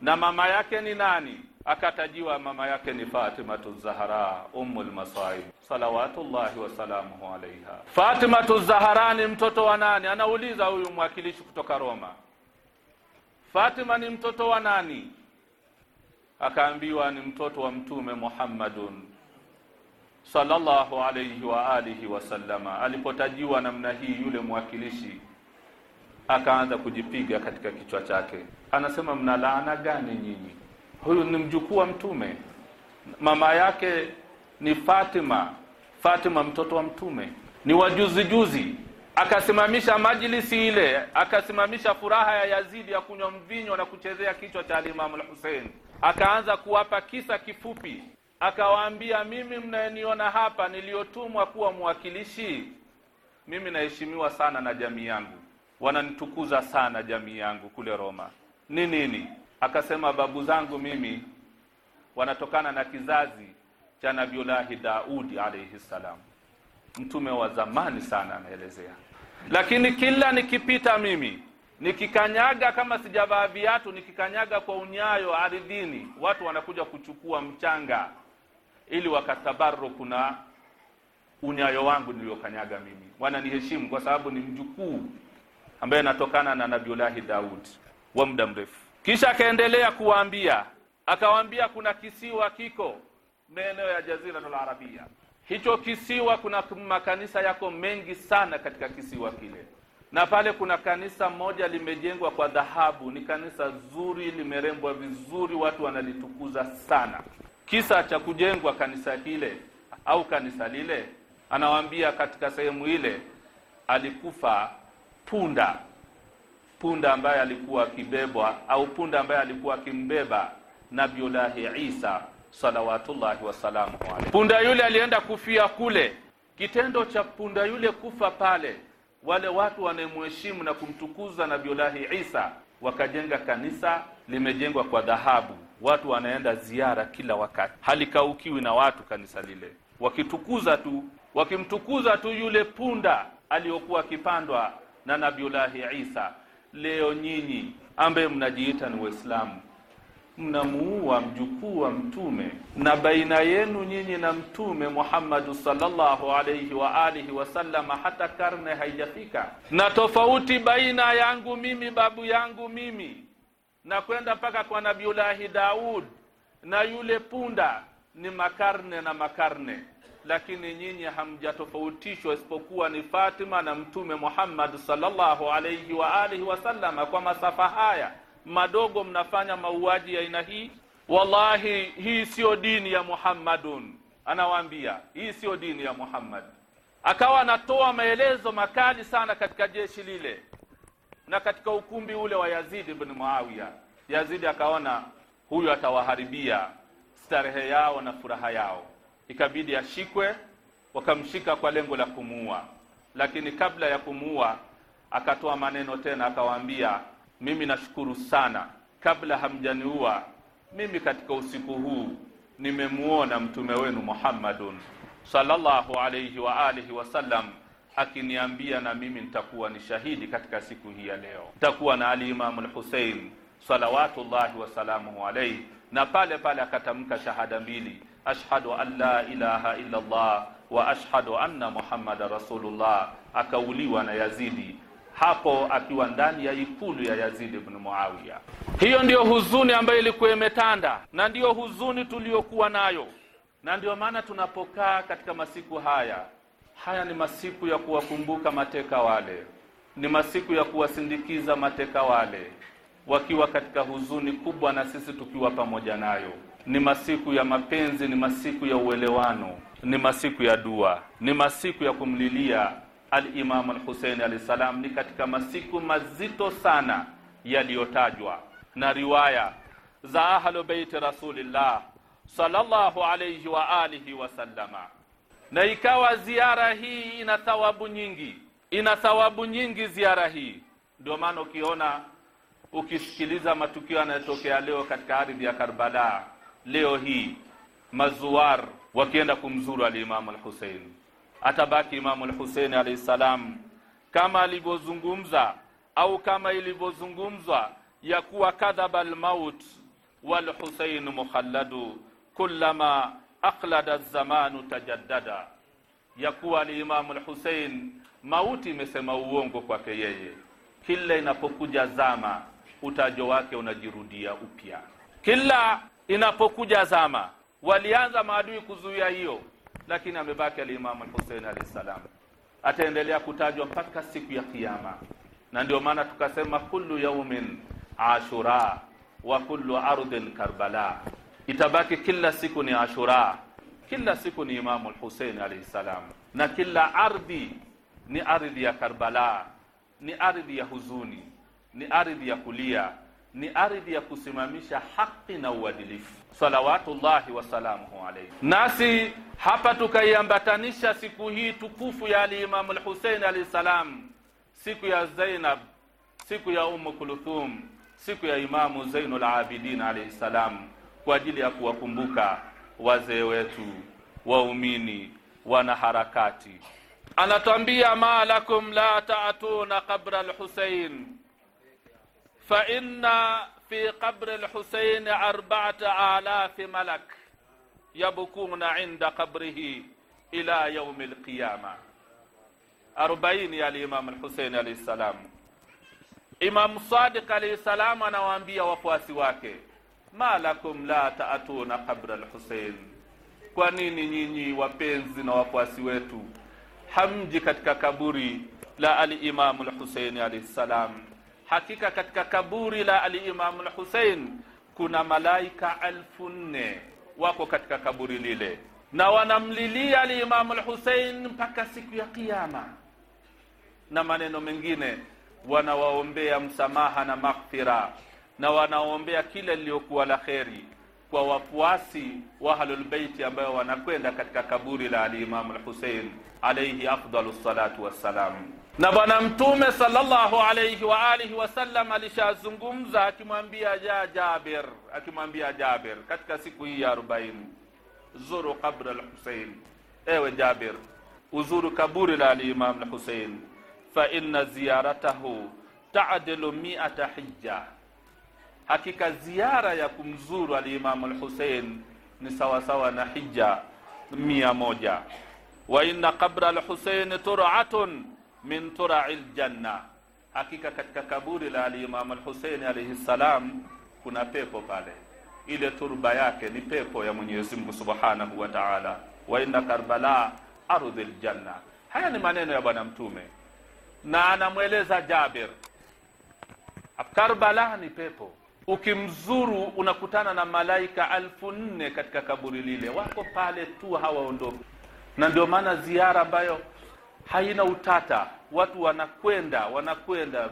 [SPEAKER 4] Na mama yake ni nani? Akatajiwa mama yake ni Fatimatu Zahra ummul masaib salawatullahi wasalamuhu alaiha. Fatimatu Zahra ni mtoto wa nani? Anauliza huyu mwakilishi kutoka Roma, Fatima ni mtoto wa nani? akaambiwa ni mtoto wa Mtume Muhammadun sallallahu alayhi wa alihi wasallama. Alipotajiwa namna hii, yule mwakilishi akaanza kujipiga katika kichwa chake, anasema mna laana gani nyinyi? Huyu ni mjukuu wa Mtume, mama yake ni Fatima, Fatima mtoto wa Mtume, ni wajuzijuzi akasimamisha majlisi ile, akasimamisha furaha ya Yazidi ya kunywa mvinyo na kuchezea kichwa cha Alimamu Alhusein akaanza kuwapa kisa kifupi, akawaambia, mimi mnayeniona hapa niliyotumwa kuwa mwakilishi, mimi naheshimiwa sana na jamii yangu, wananitukuza sana jamii yangu kule Roma. Ni nini? Akasema, babu zangu mimi wanatokana na kizazi cha Nabiullahi Daudi alayhi ssalam mtume wa zamani sana, anaelezea. Lakini kila nikipita mimi nikikanyaga kama sijavaa viatu, nikikanyaga kwa unyayo ardhini, watu wanakuja kuchukua mchanga ili wakatabaru na unyayo wangu niliokanyaga mimi, wananiheshimu kwa sababu ni mjukuu ambaye anatokana na Nabiullahi Daud wa muda mrefu. Kisha akaendelea kuwaambia, akawaambia kuna kisiwa kiko maeneo ya Jaziratul Arabia. Hicho kisiwa kuna makanisa yako mengi sana katika kisiwa kile na pale kuna kanisa moja limejengwa kwa dhahabu, ni kanisa zuri, limerembwa vizuri, watu wanalitukuza sana. Kisa cha kujengwa kanisa kile au kanisa lile, anawaambia katika sehemu ile alikufa punda, punda ambaye alikuwa akibebwa au punda ambaye alikuwa akimbeba Nabiullahi Isa salawatullahi wasalamu alayhi. Punda yule alienda kufia kule. Kitendo cha punda yule kufa pale wale watu wanayemheshimu na kumtukuza Nabiullahi Isa wakajenga kanisa, limejengwa kwa dhahabu, watu wanaenda ziara kila wakati, halikaukiwi na watu kanisa lile, wakitukuza tu, wakimtukuza tu yule punda aliyokuwa akipandwa na Nabiullahi Isa. Leo nyinyi ambaye mnajiita ni Waislamu mnamuua mjukuu wa mtume, na baina yenu nyinyi na mtume Muhammadu sallallahu alaihi wa alihi wasallam hata karne haijafika, na tofauti baina yangu mimi babu yangu mimi na kwenda mpaka kwa Nabiulahi Daud na yule punda ni makarne na makarne, lakini nyinyi hamjatofautishwa isipokuwa ni Fatima na mtume Muhammad sallallahu alaihi wa alihi wasallam kwa masafa haya madogo mnafanya mauaji ya aina hii? Wallahi, hii siyo dini ya Muhammadun, anawaambia hii siyo dini ya Muhammad. Akawa anatoa maelezo makali sana katika jeshi lile na katika ukumbi ule wa Yazid ibn Muawiya. Yazidi akaona huyu atawaharibia starehe yao na furaha yao, ikabidi ashikwe. Wakamshika kwa lengo la kumuua, lakini kabla ya kumuua akatoa maneno tena, akawaambia mimi nashukuru sana, kabla hamjaniua mimi katika usiku huu nimemuona mtume wenu Muhammadun sallallahu alayhi wa alihi wasallam akiniambia na mimi nitakuwa ni shahidi katika siku hii ya leo. Nitakuwa na alimamu Lhusein salawatullahi wasalamuhu alaihi, na pale pale akatamka shahada mbili, ashhadu an la ilaha illa Allah wa ashhadu anna muhammadan rasulullah. Akauliwa na Yazidi hapo akiwa ndani ya ikulu ya yazidi bnu Muawiya. Hiyo ndiyo huzuni ambayo ilikuwa imetanda na ndiyo huzuni tuliyokuwa nayo, na ndiyo maana tunapokaa katika masiku haya haya, ni masiku ya kuwakumbuka mateka wale, ni masiku ya kuwasindikiza mateka wale wakiwa katika huzuni kubwa, na sisi tukiwa pamoja nayo. Ni masiku ya mapenzi, ni masiku ya uelewano, ni masiku ya dua, ni masiku ya kumlilia alimamu imam alahi ssalam ni katika masiku mazito sana yaliyotajwa na riwaya za ahlu beiti Rasulillah sallallahu alayhi wa alihi wasallama. Na ikawa ziara hii ina thawabu nyingi, ina thawabu nyingi ziara hii. Ndio maana ukiona, ukisikiliza matukio yanayotokea leo katika ardhi ya Karbala leo hii, mazuar wakienda kumzuru alimamu al atabaki Imamu al alaihi alayhi salam, kama alivyozungumza au kama ilivyozungumzwa ya kuwa kadhaba al-maut wal Husein mukhalladu kullama aqlada zamanu tajaddada, ya kuwa al-Imamu al mauti imesema uongo kwake yeye, kila inapokuja zama utajo wake unajirudia upya. Kila inapokuja zama, walianza maadui kuzuia hiyo lakini amebaki alimamu Alhusein alahi salam, ataendelea kutajwa mpaka siku ya Kiama. na ndio maana tukasema kullu yaumin ashura wa kullu ardhin Karbala, itabaki kila siku ni Ashura, kila siku ni imamu lhusein alaihi salam, na kila ardhi ni ardhi ya Karbala, ni ardhi ya huzuni, ni ardhi ya kulia ni ardhi ya kusimamisha haki na uadilifu, salawatullahi wasalamuhu alaihi. Nasi hapa tukaiambatanisha siku hii tukufu ya alimamu Lhusein alaihi salam, siku ya Zainab, siku ya Umu Kulthum, siku ya Imamu Zainul Abidin alaihi salam, kwa ajili ya kuwakumbuka wazee wetu, waumini, wanaharakati. Anatwambia, ma lakum la taatuna qabra Lhusein فإن في قبر الحسين أربعة آلاف ملك يبكون عند قبره إلى يوم القيامة أربعين يا الإمام الحسين عليه السلام إمام صادق عليه السلام أنا وأنبيا وفواسواك ما لكم لا تأتون قبر الحسين كونيني nini nyinyi wapenzi na wafuasi wetu hamji katika kaburi la alimamu hakika katika kaburi la alimamu Lhusein kuna malaika alfu nne wako katika kaburi lile, na wanamlilia alimamu Lhusein mpaka siku ya Kiyama, na maneno mengine wanawaombea msamaha na maghfira, na wanaombea kila liliyokuwa la kheri kwa wafuasi wa Ahlulbeiti ambayo wanakwenda katika kaburi la alimamu Lhusein alaihi afdalu salatu wassalam na bwana mtume sallallahu alayhi wa alihi wasallam alishazungumza akimwambia ja Jabir, akimwambia Jabir katika siku hii ya arobaini, zuru qabra al-Husayn, ewe Jabir, uzuru kaburi la al-Imam al-Husayn, fa inna ziyaratahu ta'dilu mi'ata hijja, hakika ziara ya kumzuru al al-Husayn ni sawasawa na hija mia moja. Wa inna qabra al-Husayn tur'atun min tura'il janna, hakika katika kaburi la Imam al-Hussein alayhi salam kuna pepo pale. Ile turba yake ni pepo ya Mwenyezi Mungu Subhanahu wa Ta'ala, wa inna Karbala ardhil janna. Haya ni maneno ya Bwana Mtume na anamweleza Jabir. Karbala ni pepo Ukimzuru unakutana na malaika alfu nne katika kaburi lile, wako pale tu, hawaondoki. Na ndio maana ziara ambayo haina utata. Watu wanakwenda wanakwenda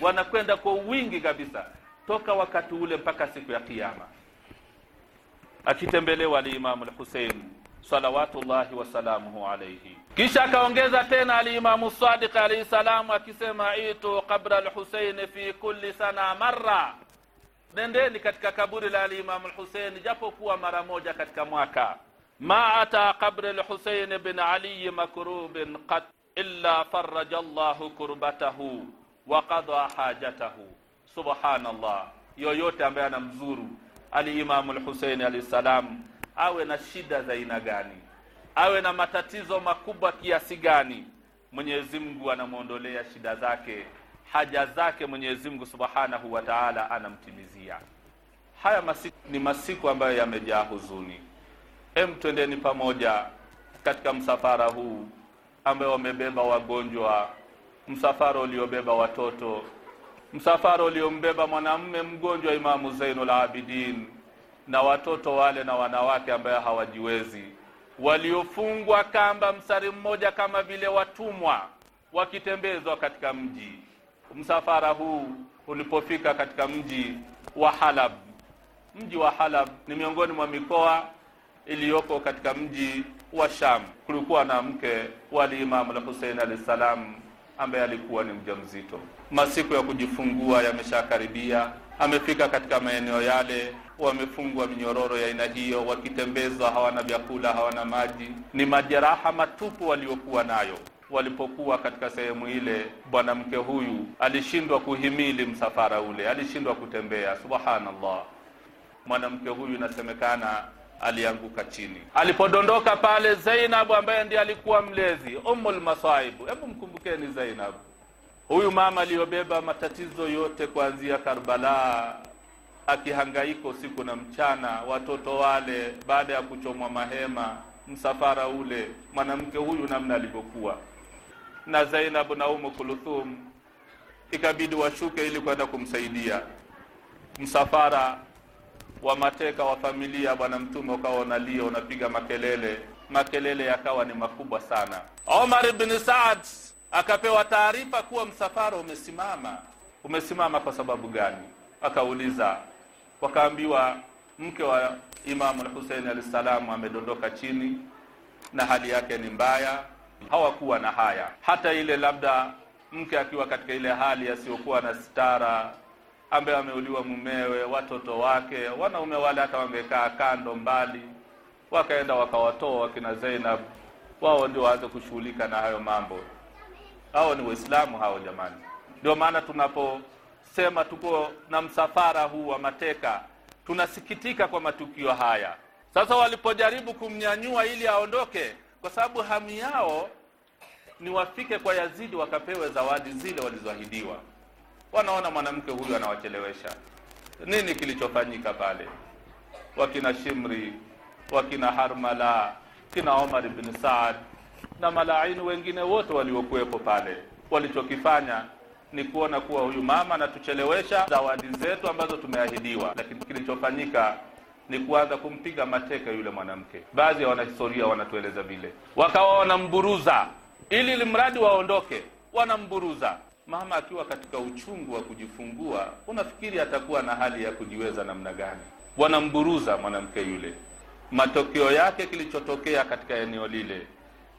[SPEAKER 4] wanakwenda kwa wingi kabisa toka wakati ule mpaka siku ya Kiyama. Akitembelewa alimamu lhusein salawatullahi wasalamuhu alaihi. Kisha akaongeza tena alimamu Sadiq alaihi salamu akisema, itu qabra lhuseini fi kulli sana marra, nendeni katika kaburi la alimamu Alhuseini japo kuwa mara moja katika mwaka ma ata قبر الحسين bn علي makrubin قد إلا فرج الله كربته وقضى حاجته سبحان yoyote ambaye anamzuru alimamu lhuseini alahi ssalam awe na shida za aina gani awe na matatizo makubwa kiasi gani mwenyezi mungu anamwondolea shida zake haja zake mwenyezi mungu subhanahu wa taala anamtimizia haya masiku ni masiku ambayo yamejaa huzuni Hem, twendeni pamoja katika msafara huu ambao wamebeba wagonjwa, msafara uliobeba watoto, msafara uliombeba mwanamume mgonjwa Imamu Zainul Abidin na watoto wale na wanawake ambao hawajiwezi, waliofungwa kamba mstari mmoja kama vile watumwa wakitembezwa katika mji. Msafara huu ulipofika katika mji wa Halab, mji wa Halab ni miongoni mwa mikoa iliyoko katika mji wa Sham. Kulikuwa na mke wa Imamu la Hussein ssalam salam ambaye alikuwa ni mjamzito. Masiku ya kujifungua yameshakaribia, amefika katika maeneo yale, wamefungwa minyororo ya aina hiyo, wakitembezwa, hawana vyakula, hawana maji, ni majeraha matupu waliokuwa nayo. Walipokuwa katika sehemu ile, bwanamke huyu alishindwa kuhimili msafara ule, alishindwa kutembea. Subhanallah, mwanamke huyu inasemekana alianguka chini. Alipodondoka pale, Zainabu ambaye ndiye alikuwa mlezi, ummul masaibu, hebu mkumbukeni Zainabu, huyu mama aliyobeba matatizo yote kuanzia Karbala, akihangaika usiku na mchana, watoto wale, baada ya kuchomwa mahema, msafara ule, mwanamke huyu namna alivyokuwa. Na Zainabu na Umu Kuluthum ikabidi washuke ili kwenda kumsaidia msafara wa mateka wa familia bwana mtume ukawa unalia unapiga makelele makelele yakawa ni makubwa sana Omar ibn Saad akapewa taarifa kuwa msafara umesimama umesimama kwa sababu gani akauliza wakaambiwa mke wa Imamu Hussein ssalam amedondoka chini na hali yake ni mbaya hawakuwa na haya hata ile labda mke akiwa katika ile hali asiyokuwa na sitara ambaye ameuliwa mumewe, watoto wake, wanaume wale hata wamekaa kando mbali, wakaenda wakawatoa wakina Zainab, wao ndio waanze kushughulika na hayo mambo. Hao ni Waislamu hao jamani. Ndio maana tunaposema tuko na msafara huu wa mateka, tunasikitika kwa matukio haya. Sasa walipojaribu kumnyanyua ili aondoke, kwa sababu hamu yao ni wafike kwa Yazidi wakapewe zawadi zile walizoahidiwa wanaona mwanamke huyu anawachelewesha. Nini kilichofanyika pale? Wakina Shimri, wakina Harmala, kina Omar ibn Saad na malaini wengine wote waliokuwepo pale, walichokifanya ni kuona kuwa huyu mama anatuchelewesha zawadi zetu ambazo tumeahidiwa, lakini kilichofanyika ni kuanza kumpiga mateka yule mwanamke. Baadhi ya wanahistoria wanatueleza vile, wakawa wanamburuza ili mradi waondoke, wanamburuza mama akiwa katika uchungu wa kujifungua, unafikiri atakuwa na hali ya kujiweza namna gani? Wanamburuza mwanamke yule. Matokeo yake kilichotokea katika eneo lile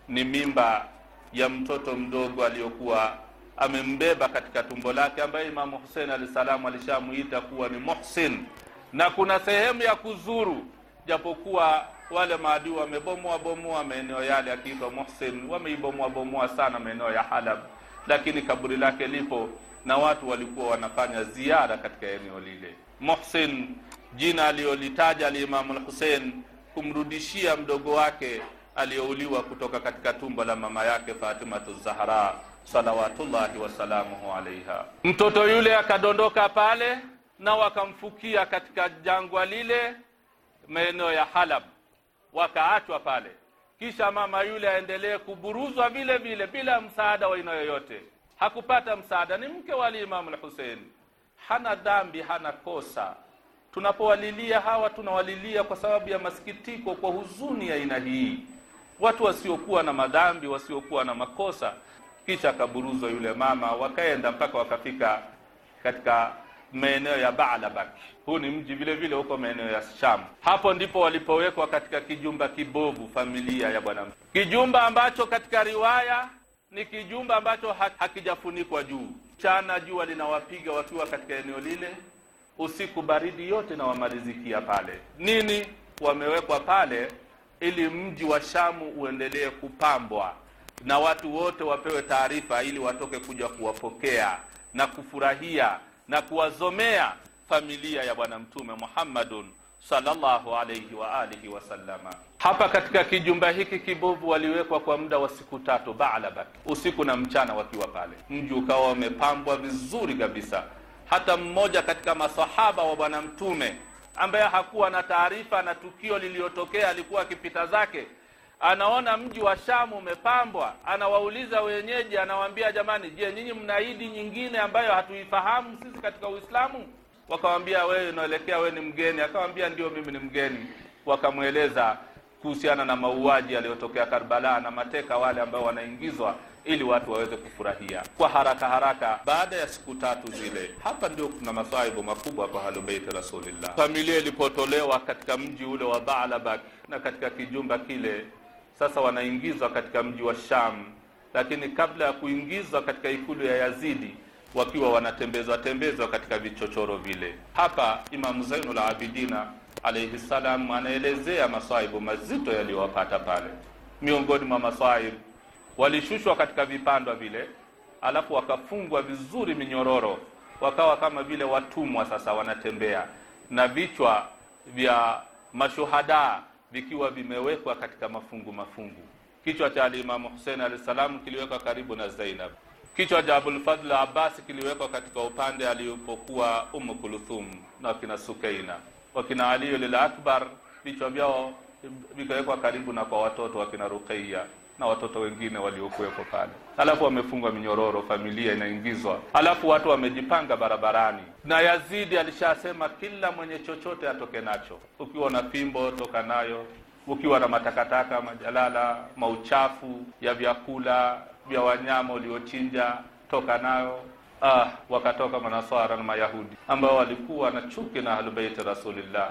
[SPEAKER 4] ni mimba ya mtoto mdogo aliyokuwa amembeba katika tumbo lake, ambaye Imamu husein alah salamu alishamuita kuwa ni Muhsin, na kuna sehemu ya kuzuru, japokuwa wale maadui wamebomoa bomoa maeneo yale, akiitwa Muhsin wameibomoa bomoa sana maeneo ya Halab lakini kaburi lake lipo na watu walikuwa wanafanya ziara katika eneo lile. Muhsin, jina aliyolitaja Alimamu Lhusein kumrudishia mdogo wake aliyouliwa kutoka katika tumbo la mama yake Fatimatu Zahra salawatullahi wasalamuhu alaiha. Mtoto yule akadondoka pale na wakamfukia katika jangwa lile maeneo ya Halab, wakaachwa pale kisha mama yule aendelee kuburuzwa vile vile bila msaada wa aina yoyote. Hakupata msaada, ni mke wa Imam al-Hussein, hana dhambi, hana kosa. Tunapowalilia hawa tunawalilia kwa sababu ya masikitiko, kwa huzuni ya aina hii, watu wasiokuwa na madhambi, wasiokuwa na makosa. Kisha akaburuzwa yule mama, wakaenda mpaka wakafika katika maeneo ya Baalabak. Huu ni mji vile vile huko maeneo ya Sham. Hapo ndipo walipowekwa katika kijumba kibovu familia ya bwana, kijumba ambacho katika riwaya ni kijumba ambacho hakijafunikwa juu. Mchana jua linawapiga wakiwa katika eneo lile, usiku baridi yote na pale. Nini wamewekwa pale? Ili mji wa Shamu uendelee kupambwa na watu wote wapewe taarifa, ili watoke kuja kuwapokea na kufurahia na kuwazomea familia ya Bwana Mtume Muhammadun sallallahu alayhi wa alihi wasallama. Hapa katika kijumba hiki kibovu waliwekwa kwa muda wa siku tatu baalabak, usiku na mchana wakiwa pale. Mji ukawa wamepambwa vizuri kabisa. Hata mmoja katika masahaba wa Bwana Mtume ambaye hakuwa na taarifa na tukio liliyotokea alikuwa akipita zake anaona mji wa Shamu umepambwa, anawauliza wenyeji, anawaambia jamani, je, nyinyi mna idi nyingine ambayo hatuifahamu sisi katika Uislamu? Wakawambia wewe unaelekea, wewe ni mgeni. Akawambia ndio, mimi ni mgeni. Wakamweleza kuhusiana na mauaji yaliyotokea Karbala na mateka wale ambao wanaingizwa ili watu waweze kufurahia kwa haraka haraka. Baada ya siku tatu zile, hapa ndio kuna masaibu makubwa kwa Ahlubeiti Rasulillah. Familia ilipotolewa katika mji ule wa Baalabak na katika kijumba kile sasa wanaingizwa katika mji wa Sham, lakini kabla ya kuingizwa katika ikulu ya Yazidi wakiwa wanatembezwa tembezwa katika vichochoro vile. Hapa Imamu Zainul Abidina alayhi salam anaelezea masaibu mazito yaliyowapata pale. Miongoni mwa masaibu, walishushwa katika vipandwa vile, alafu wakafungwa vizuri minyororo, wakawa kama vile watumwa. Sasa wanatembea na vichwa vya mashuhada vikiwa vimewekwa katika mafungu mafungu. Kichwa cha Alimamu Husein alahi salam kiliwekwa karibu na Zainab. Kichwa cha Abulfadl Abbas kiliwekwa katika upande alipokuwa Umu Kuluthum na wakina sukeina Wakina Aliyu lil Akbar vichwa vyao vikawekwa karibu na kwa watoto wakina Ruqayya na watoto wengine waliokuwepo pale, alafu wamefungwa minyororo, familia inaingizwa, alafu watu wamejipanga barabarani. Na Yazidi alishasema kila mwenye chochote atoke nacho. Ukiwa na fimbo toka nayo, ukiwa na matakataka, majalala, mauchafu ya vyakula vya wanyama uliochinja toka nayo. Ah, wakatoka Manaswara na Mayahudi ambao walikuwa na chuki na Ahlubeiti Rasulillah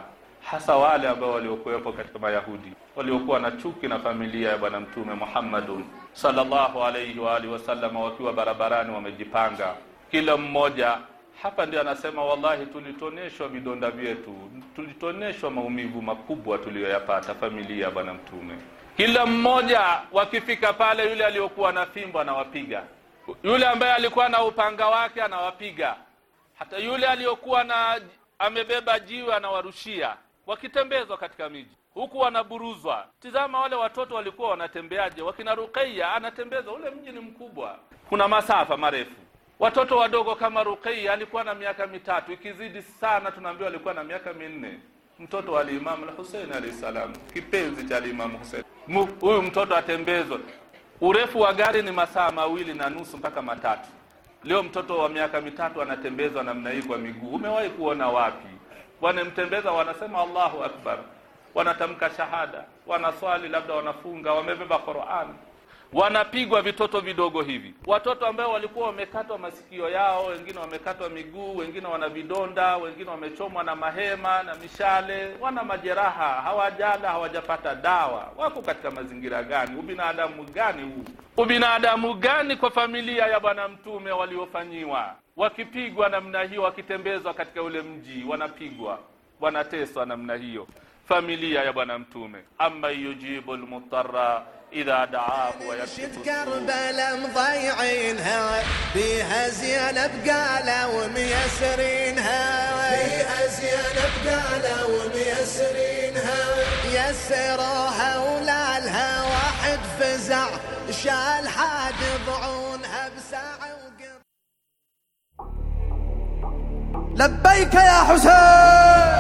[SPEAKER 4] hasa wale ambao waliokuwepo katika Mayahudi waliokuwa na chuki na familia ya Bwana Mtume Muhammadun sallallahu alaihi wa alihi wasallam, wakiwa barabarani wamejipanga, kila mmoja hapa ndio anasema, wallahi, tulitoneshwa vidonda vyetu, tulitoneshwa maumivu makubwa tuliyoyapata familia ya Bwana Mtume. Kila mmoja wakifika pale, yule aliyokuwa na fimbo anawapiga, yule ambaye alikuwa na upanga wake anawapiga, hata yule aliyokuwa na amebeba jiwe anawarushia wakitembezwa katika miji huku wanaburuzwa. Tizama wale watoto walikuwa wanatembeaje? Wakina Ruqayya anatembezwa, ule mji ni mkubwa, kuna masafa marefu. Watoto wadogo kama Ruqayya alikuwa na miaka mitatu, ikizidi sana tunaambiwa alikuwa na miaka minne, mtoto wa Alimamu Husein alayhi salam, kipenzi cha Alimamu Husein. Huyu mtoto atembezwa urefu wa gari ni masaa mawili na nusu mpaka matatu. Leo mtoto wa miaka mitatu anatembezwa namna hii kwa miguu, umewahi kuona wapi? wanamtembeza wanasema Allahu Akbar, wanatamka shahada, wanaswali, labda wanafunga, wamebeba Qur'an, wanapigwa vitoto vidogo hivi, watoto ambao walikuwa wamekatwa masikio yao, wengine wamekatwa miguu, wengine wana vidonda, wengine wamechomwa na mahema na mishale, wana majeraha, hawajala, hawajapata dawa. Wako katika mazingira gani? Ubinadamu gani huu? Ubinadamu gani kwa familia ya Bwana Mtume waliofanyiwa? wakipigwa namna hiyo, wakitembezwa katika ule mji, wanapigwa wanateswa namna hiyo, familia ya Bwana Mtume. Amma yujibu almutarra idha daahu wa yakshifu
[SPEAKER 5] Karbala mdayinha biha ziyana bqala wa miyasrinha biha ziyana bqala wa miyasrinha yassiraha wala alha wahid faza shal had ضعون لبيك يا حسين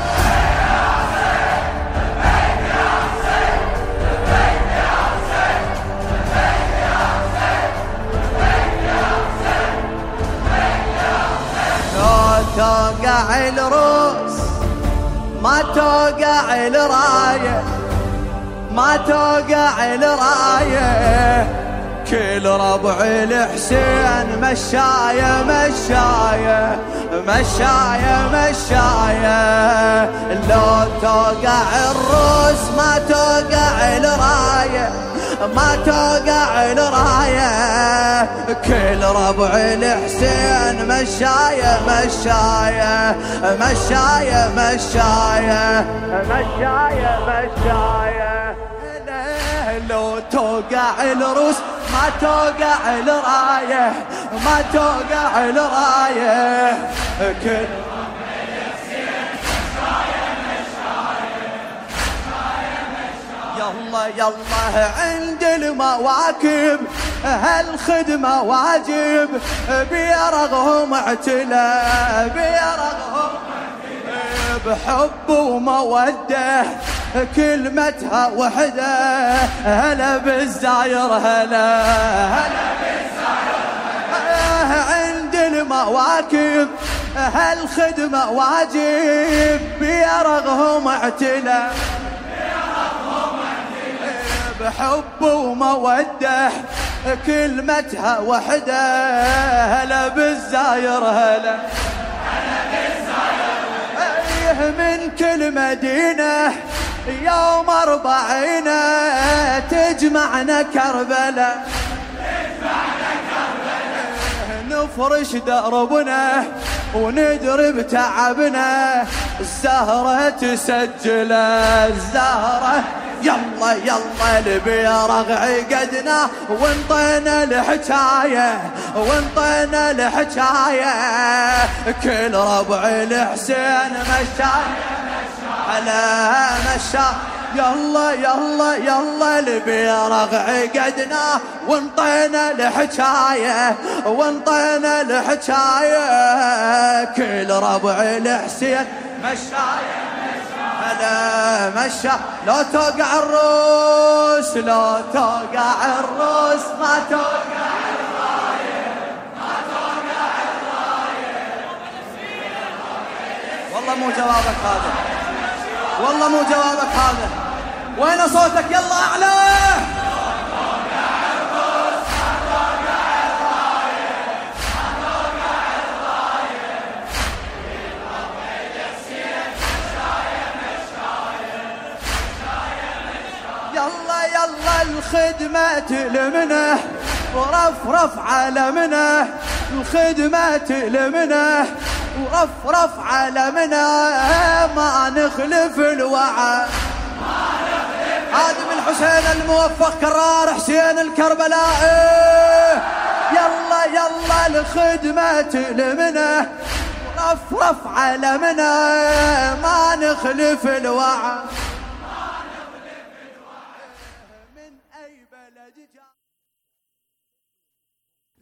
[SPEAKER 5] توقع الروس ما توقع الرايه ما توقع الرايه كل ربع الحسين مشاية مشاية مشاية مشاية لو توقع الروس ما توقع الراية ما توقع الراية كل ربع الحسين مشاية مشاية مشاية مشاية مشاية مشاية لو توقع الروس ما توقع لراية ما توقع لراية كل يلا يلا عند المواكب هالخدمة واجب بيرغهم اعتلى بيرغهم بحب وموده كلمتها وحدة هلا بالزاير هلا هلا بالزاير عند المواكب هالخدمة واجب بيرغهم اعتلى بحب ومودة كلمتها وحدة هلا بالزاير هلا هلا بالزاير إيه، من كل مدينة يوم أربعين تجمعنا كربلة تجمعنا كربلة نفرش دربنا ونجرب تعبنا الزهرة تسجل الزهرة يلا يلا البيرغ عقدنا وانطينا الحكاية وانطينا الحكاية كل ربع الحسين مشاية على مشى يلا يلا يلا البيرغ عقدنا وانطينا الحكاية وانطينا الحكاية كل ربع الحسين مشاية هلا مشى لا توقع الروس لا توقع الروس ما توقع الراية ما توقع الراية والله مو جوابك هذا والله مو جوابك هذا وين صوتك يلا أعلى يلا يلا الخدمة تلمنه ورفرف منه الخدمة تلمنه ورفرف علمنا ما نخلف الوعد خادم الحسين الموفق كرار حسين الكربلاء يلا يلا لخدمة رف رفرف علمنا ما نخلف الوعد